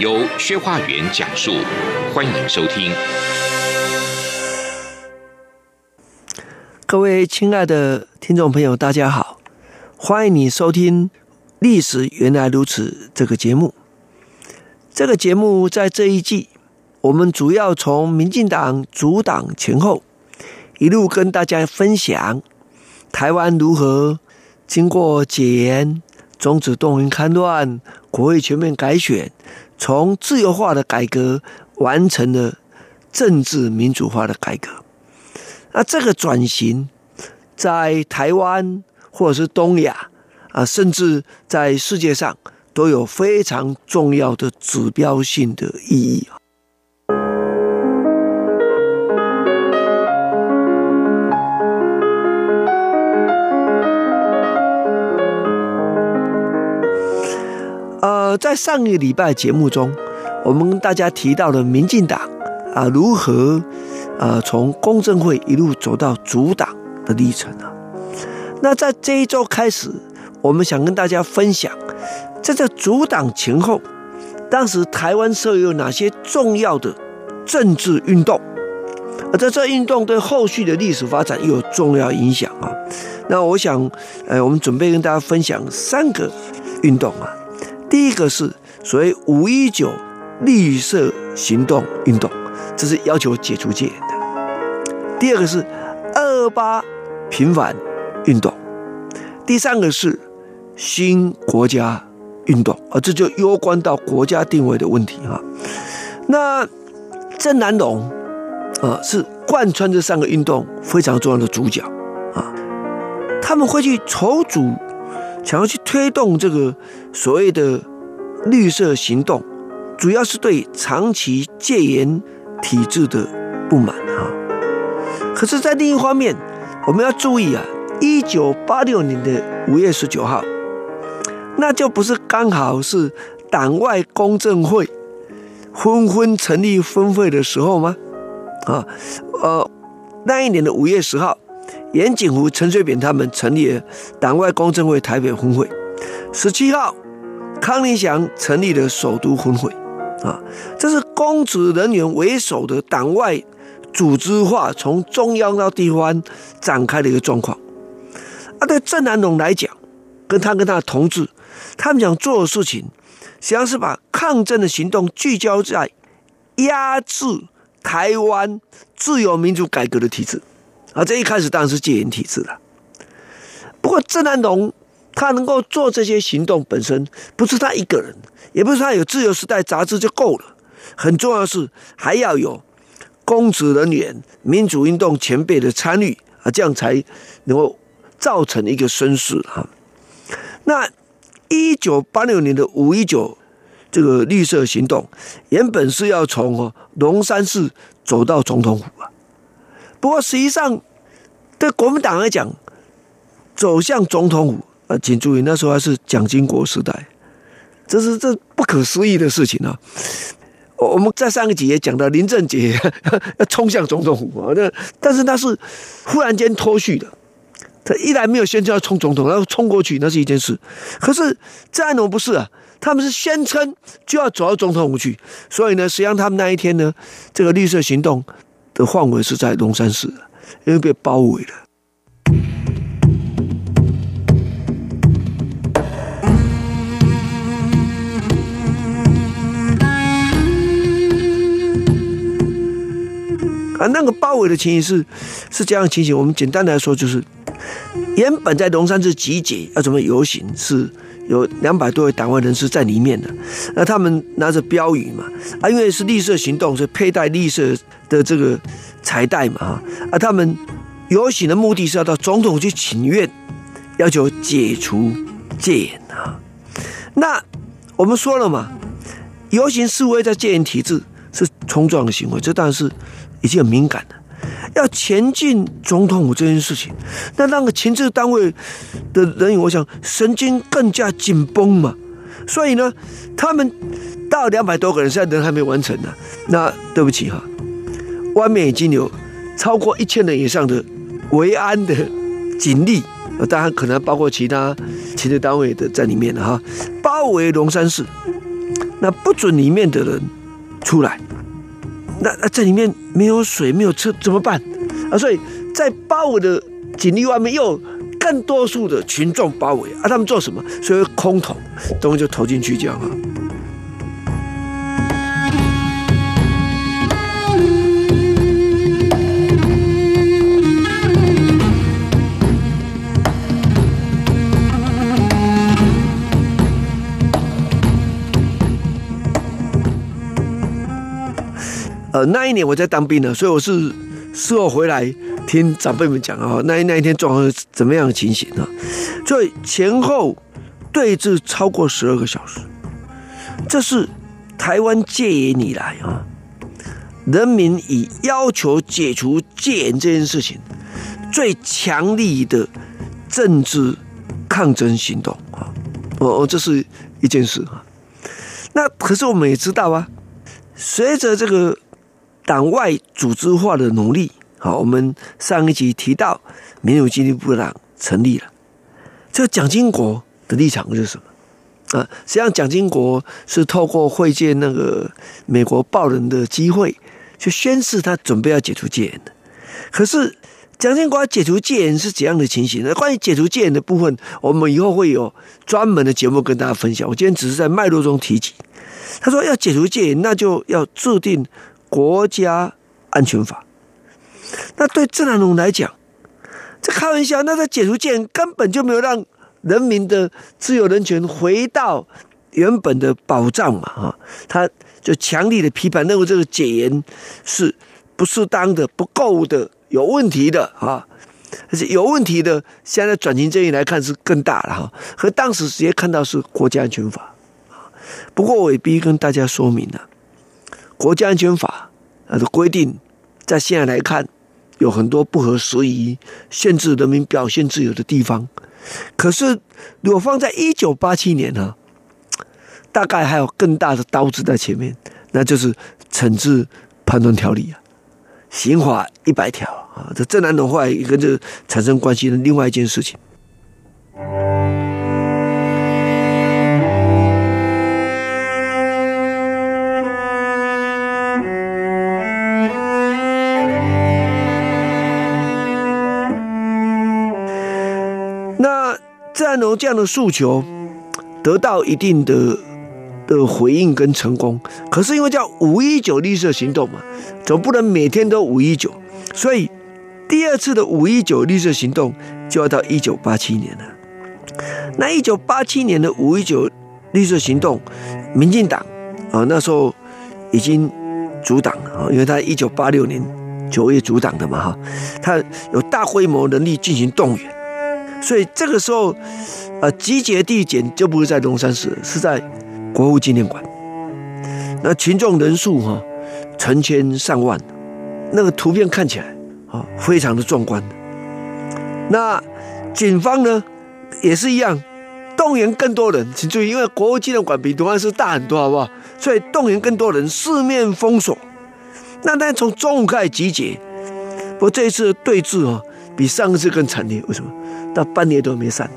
由薛化元講述，歡迎收聽。各位親愛的聽眾朋友，大家好，歡迎你收聽《歷史原來如此》這個節目。這個節目在這一季，我們主要從民進黨組黨前後一路跟大家分享台灣如何經過解嚴、終止動員勘亂、國會全面改選。從自由化的改革完成了政治民主化的改革，那這個轉型在台灣或者是東亞啊，甚至在世界上都有非常重要的指標性的意義。在上一個禮拜節目中，我們跟大家提到了民進黨啊，如何呃、啊、從公政會一路走到組黨的歷程啊。那在這一周開始，我們想跟大家分享在這組黨前後，當時台灣社會有哪些重要的政治運動，而在這運動對後續的歷史發展又有重要影響啊。那我想，呃，我們準備跟大家分享三個運動啊。第一個是所謂五一九綠色行動運動，這是要求解除戒嚴的；第二個是二二八平反運動；第三個是新國家運動。啊，這就攸關到國家定位的問題啊。那鄭南榕啊，是貫穿這三個運動非常重要的主角啊，他們會去籌組。想要去推動這個所謂的綠色行動，主要是對長期戒嚴體制的不滿啊。可是，在另一方面，我們要注意啊，一九八六年的五月十九號，那就不是剛好是黨外公政會紛紛成立分會的時候嗎？啊，呃，那一年的五月十號。顏錦福、陳水扁他們成立了黨外公政會台北分會，十七號，康寧祥成立了首都分會，啊，這是公職人員為首的黨外組織化從中央到地方展開的一個狀況。啊，對鄭南榕來講，跟他跟他的同志，他們想做的事情，實際上是把抗爭的行動聚焦在壓制台灣自由民主改革的體制。啊，這一開始當然是戒嚴體制的。不過鄭南榕他能夠做這些行動，本身不是他一個人，也不是他有《自由時代》雜誌就夠了。很重要的是還要有公職人員、民主運動前輩的參與啊，這樣才能夠造成一個聲勢啊。那一九八六年的五一九這個綠色行動，原本是要從龍山寺走到總統府啊。不過實際上，對國民黨來講，走向總統府啊，請注意，那時候還是蔣經國時代，這是這是不可思議的事情啊！我們在上一集也講到，林正杰呵呵要衝向總統府啊，那但是那是忽然間脫序的，他依然沒有宣稱要衝總統，然後衝過去那是一件事。可是這樣的不是啊，他們是宣稱就要走到總統府去，所以呢，實際上他們那一天呢，這個綠色行動。範圍是在龍山寺，因為被包圍了。啊，那個包圍的情形是是這樣的情形。我們簡單的來說，就是原本在龍山寺集結要準備遊行，是有兩百多位黨外人士在裡面的。那他們拿着標語嘛，啊，因為是綠色行動，所以佩戴綠色的這個彩帶嘛。啊，他們遊行的目的是要到總統去請願，要求解除戒嚴啊。那我們說了嘛，遊行示威在戒嚴體制是衝撞的行為，這當然是。已經很敏感了，要前進總統府這件事情，那那個情治單位的人，我想神經更加緊繃嘛。所以呢，他們到兩百多個人，現在人還沒完成呢。那對不起哈，外面已經有超過一千人以上的維安的警力，當然可能還包括其他情治單位的在裡面了哈。包圍龍山寺，那不准裡面的人出來。那那這裡面沒有水沒有車怎麼辦啊？所以在包圍的警力外面又有更多數的群眾包圍啊，他們做什麼？所以空投東西就投進去這樣啊。呃，那一年我在當兵呢，所以我是事後回來聽長輩們講啊，那一那一天狀況怎麼樣的情形啊？所以前後對峙超過十二個小時，這是台灣戒嚴以來啊，人民以要求解除戒嚴這件事情最強力的政治抗爭行動啊，哦、呃、哦，這是一件事啊。那可是我們也知道啊，隨着這個。黨外組織化的努力，好，我們上一集提到民主進步黨成立了，這個、蔣經國的立場是什麼？啊，實際上蔣經國是透過會見那個美國報人的機會，去宣示他準備要解除戒嚴的。可是蔣經國要解除戒嚴是怎樣的情形呢？關於解除戒嚴的部分，我們以後會有專門的節目跟大家分享。我今天只是在脈絡中提及，他說要解除戒嚴，那就要制定。國家安全法，那對鄭南榕來講，這開玩笑，那他解除戒嚴根本就沒有讓人民的自由人權回到原本的保障嘛，哦、他就強力的批判，認為這個解嚴是不適當的，不夠的，有問題的啊，而、哦、且有問題的，現在，在轉型正義來看是更大了哈，和當時直接看到是國家安全法。不過我也必須跟大家說明了、啊。國家安全法啊的規定，在現在來看，有很多不合時宜、限制人民表現自由的地方。可是，如果放在一九八七年呢、啊，大概還有更大的刀子在前面，那就是懲治叛亂條例啊、刑法一百條啊，這這兩種的話，也跟這產生關係的另外一件事情。自然有這樣的訴求，得到一定的的回應跟成功。可是因為叫五一九綠色行動嘛，總不能每天都五一九，所以第二次的五一九綠色行動就要到一九八七年了。那一九八七年的五一九綠色行動，民進黨啊那時候已經組黨了啊，因為他一九八六年九月組黨的嘛哈，他有大規模能力進行動員。所以這個時候，呃，集結地點就不是在龍山寺，是在國父紀念館。那群眾人數哈、啊，成千上萬，那個圖片看起來啊，非常的壯觀。那警方呢，也是一樣，動員更多人，請注意，因為國父紀念館比龍山寺大很多，好不好？所以動員更多人，四面封鎖。那但從中午開始集結，不過這一次對峙啊。比上一次更慘烈，為什麼？到半年都沒散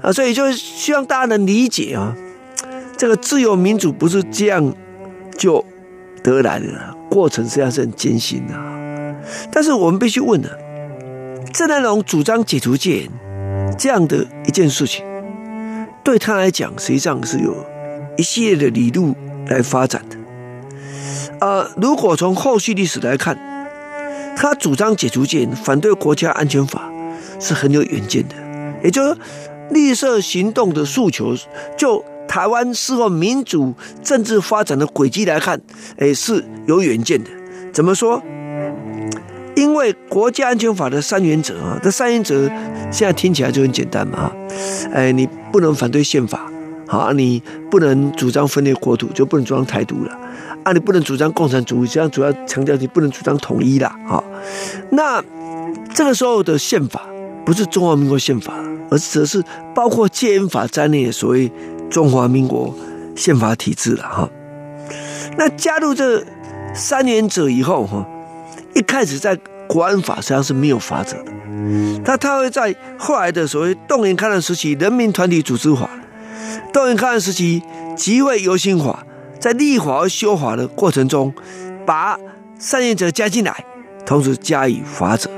啊！所以就希望大家能理解啊，這個自由民主不是這樣就得來的，過程實際上是很艱辛的、啊。但是我們必須問的、啊，鄭南榕主張解除戒嚴這樣的一件事情，對他來講實際上是有一系列的理路來發展的。呃，如果從後續歷史來看。他主張解除戒嚴，反對國家安全法，是很有遠見的。也就是說，綠色行動的訴求，就台灣事後民主政治發展的軌跡來看，哎，是有遠見的。怎麼說？因為國家安全法的三原則啊，這三原則現在聽起來就很簡單嘛。哎，你不能反對憲法。好，你不能主張分裂國土，就不能主張台獨了。啊，你不能主張共產主義，實際上主要強調你不能主張統一了。啊，那這個時候的憲法不是中華民國憲法，而則是包括戒嚴法在內的所謂中華民國憲法體制了。哈，那加入這三原則以後，哈，一開始在國安法實際上是沒有法則的，那他會在後來的所謂動員戡亂時期人民團體組織法。動員戡亂時期，集會遊行法，在立法和修法的過程中，把善言者加進來，同時加以罰則，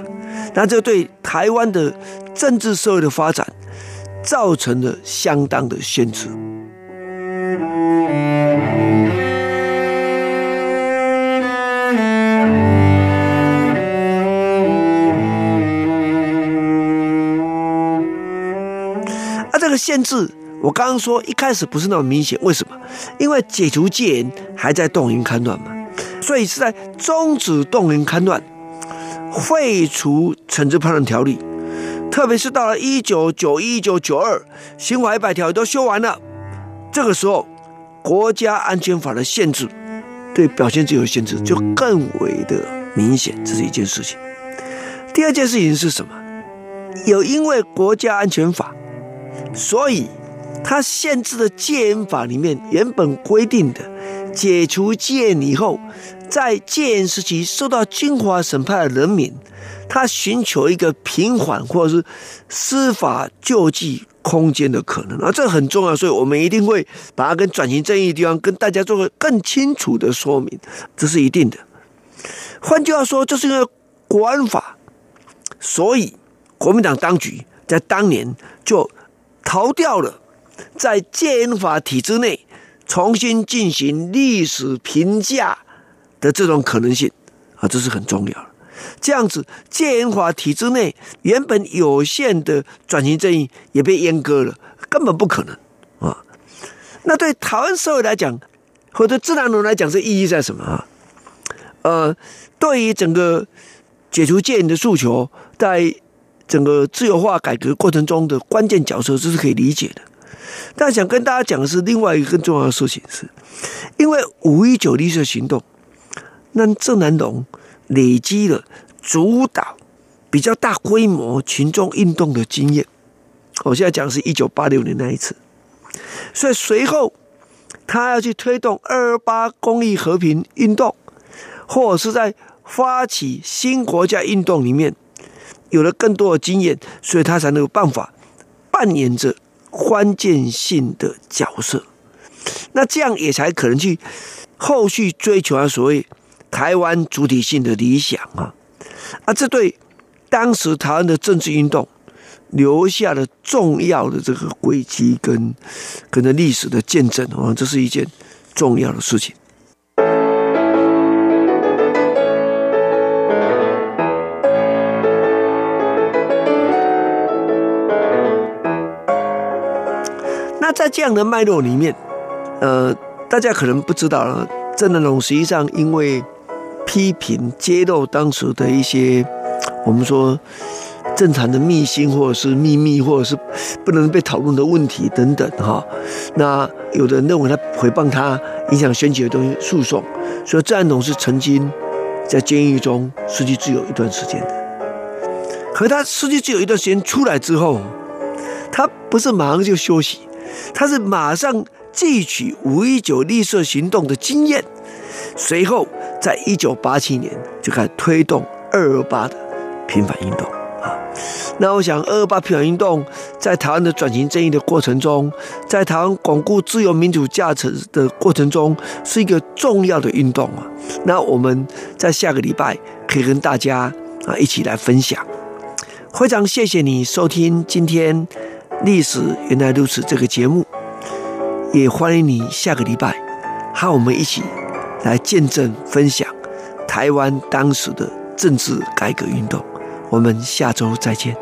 那這對台灣的政治社會的發展，造成了相當的限制。啊，這個限制。我剛剛說一開始不是那麼明顯，為什麼？因為解除戒嚴還在動員戡亂嘛，所以是在終止動員戡亂、廢除懲治叛亂條例，特別是到了一九九一、一九九二，刑法一百條都修完了，這個時候國家安全法的限制對表現自由限制就更為的明顯，這是一件事情。第二件事情是什麼？有因為國家安全法，所以。他限制的戒嚴法裡面原本規定的，解除戒嚴以後，在戒嚴時期受到軍法審判的人民，他尋求一個平緩或者是司法救濟空間的可能，啊這很重要，所以我們一定會把它跟轉型正義的地方跟大家做個更清楚的說明，這是一定的。換句話說，就是因為國安法，所以國民黨當局在當年就逃掉了。在戒嚴法體制內重新進行歷史評價的這種可能性啊，這是很重要的。這樣子，戒嚴法體制內原本有限的轉型正義也被閹割了，根本不可能啊。那對台灣社會來講，或者對自然人來講，這意義在什麼啊？呃，對於整個解除戒嚴的訴求，在整個自由化改革過程中的關鍵角色，這是可以理解的。但想跟大家講的是另外一個更重要的事情是，因為五一九綠色行動，那鄭南榕累積了主導比較大規模群眾運動的經驗。我現在講是一九八六年那一次，所以隨後他要去推動二二八公益和平運動，或者是在發起新國家運動裡面有了更多的經驗，所以他才能有辦法扮演着。關鍵性的角色，那這樣也才可能去後續追求啊，所謂台灣主體性的理想啊，啊，這對當時台灣的政治運動留下了重要的這個軌跡跟跟着歷史的見證啊，這是一件重要的事情。在這樣的脈絡裡面，呃，大家可能不知道了。鄭南榕實際上因為批評揭露當時的一些我們說正常的秘辛，或者是秘密，或者是不能被討論的問題等等，哈。那有的人認為他誹謗他，影響選舉的東西訴訟，所以鄭南榕是曾經在監獄中失去自由一段時間的。可他失去自由一段時間出來之後，他不是馬上就休息。他是馬上汲取“五一九”綠色行動的經驗，隨後在一九八七年就開始推動“二二八”的平反運動啊。那我想，“二二八”平反運動在台灣的轉型正義的過程中，在台灣鞏固自由民主價值的過程中，是一個重要的運動啊。那我們在下個禮拜可以跟大家啊一起來分享。非常謝謝你收聽今天。歷史原來如此，這個節目也歡迎你下個禮拜和我們一起來見證、分享台灣當時的政治改革運動。我們下週再見。